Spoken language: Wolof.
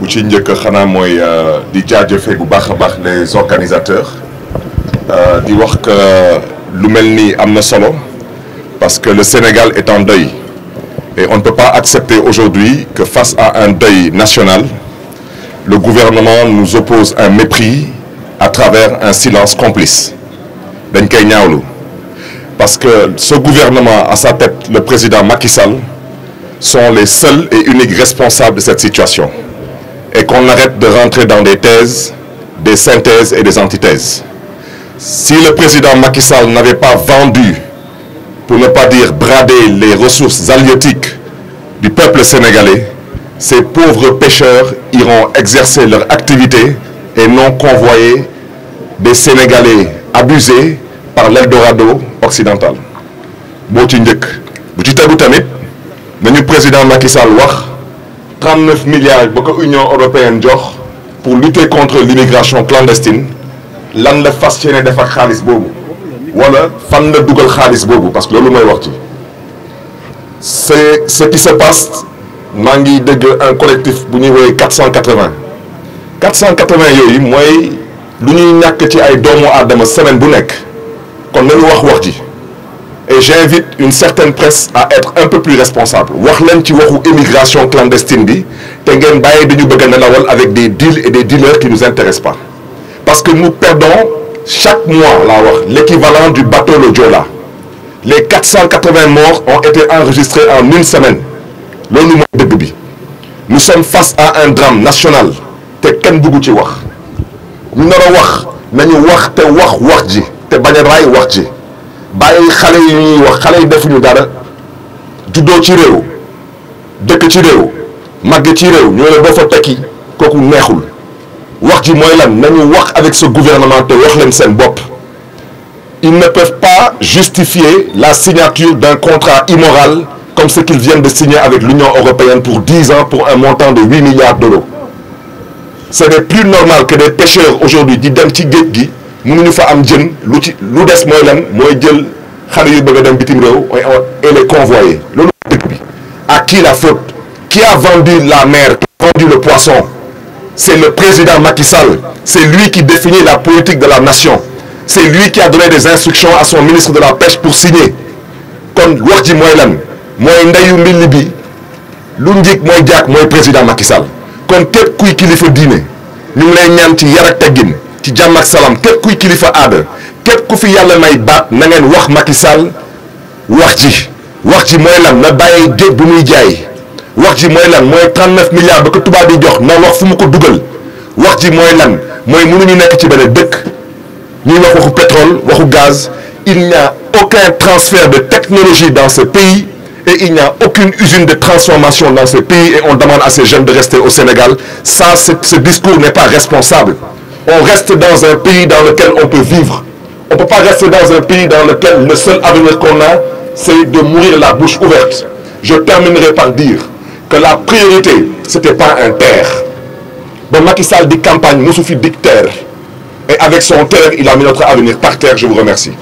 bu ci njëkk xanaa mooy euh, di jaajëfe bu baax a baax les organisateurs euh, di wax que lu mel nii am na solo parce que le Sénégal est en deuil et on ne peut pas accepter aujourd'hui que face à un deuil national le gouvernement nous oppose un mépris à travers un silence complice dañ koy ñaawlu parce que ce gouvernement à sa tête le président Macky Sall sont les seuls et uniques responsables de cette situation et qu'on arrête de rentrer dans des thèses, des synthèses et des antithèses. Si le président Macky Sall n'avait pas vendu, pour ne pas dire brader, les ressources halieutiques du peuple sénégalais, ces pauvres pêcheurs iront exercer leur activité et non convoyer des Sénégalais abusés par l'Eldorado occidental. boo ci njëkk bu ci tamit nañu président Macky Sall wax. 39 milliards ba ko Union européenne jox pour lutter contre l'immigration clandestine lan la fas yéene def ak xaalis boobu wala fan la dugal xaalis boobu parce que loolu mooy wax ci c'est ce qui se passe maa ngi dégg un collectif bu ñuy woowee 480 480 yooyu mooy lu ñuy ñàkk ci ay doomu aadama semaine bu nekk kon nañu wax wax ji et j'invite une certaine presse à être un peu plus responsable wax leen ci waxu immigration clandestine bi te ngeen bàyyi dañu bëgg a nelawal avec des deals et des dealers qui nous intéressent pas parce que nous perdons chaque mois laa wax l'équivalent du bateau le Joola les 480 morts ont été enregistrés en une semaine loolu mooy dëgg bi nous sommes face à un drame national te kenn bëggu ci wax ñu nar a wax wax te wax wax ji te bañ a wax ji bàyyi xale yi ñuy wax xale yi defuñu dara juddoo ci réew dëkk ci réew màgg ci réew ñu ne boo fa tekki kooku neexul wax ji mooy lan nañu wax avec ce gouvernement te wax leen seen bopp ils ne peuvent pas justifier la signature d'un contrat immoral comme ce qu'ils viennent de signer avec l'Union européenne pour 10 ans pour un montant de 8 milliards d'euros. Ce n'est plus normal que des pêcheurs aujourd'hui qui mënuñu fa am jën lu ci lu des mooy lan mooy jël xale yu bëgg a bitim réew mooy et les convoyer loolu dëkk bi à qui la faute qui a vendu la mer qui a vendu le poisson c'est le président Macky Sall c'est lui qui définit la politique de la nation c'est lui qui a donné des instructions à son ministre de la pêche pour signer kon wax ji mooy lan mooy ndeyu mbill bi lu njëkk mooy jàkk mooy président Macky Sall kon képp kuy kilifa diine ñu ngi lay ñaan ci yar ak ci jàmm ak salaam képp kuy kilifa aada képp ku fi yàlla may baat nangeen ngeen wax Macky Sall wax ji wax ji mooy lan na bay géej bu muy jaay wax ji mooy lan mooy 39 milliards ba ko tubaab yi jox na wax fu mu ko dugal wax ji mooy lan mooy mënuñu nekk ci benn dëkk ñuy wax u pétrole waxu gaz il n'y a aucun transfert de technologie dans ce pays et il n'y a aucune usine de transformation dans ce pays et on demande à ces jeunes de rester au Sénégal ça ce discours n'est pas responsable on reste dans un pays dans lequel on peut vivre. On ne peut pas rester dans un pays dans lequel le seul avenir qu'on c'est de mourir la bouche ouverte. Je terminerai par dire que la priorité, ce n'était pas un terre. Bon, Macky di campagne, Moussoufi dit terre. Et avec son terre, il a mis notre avenir par terre. Je vous remercie.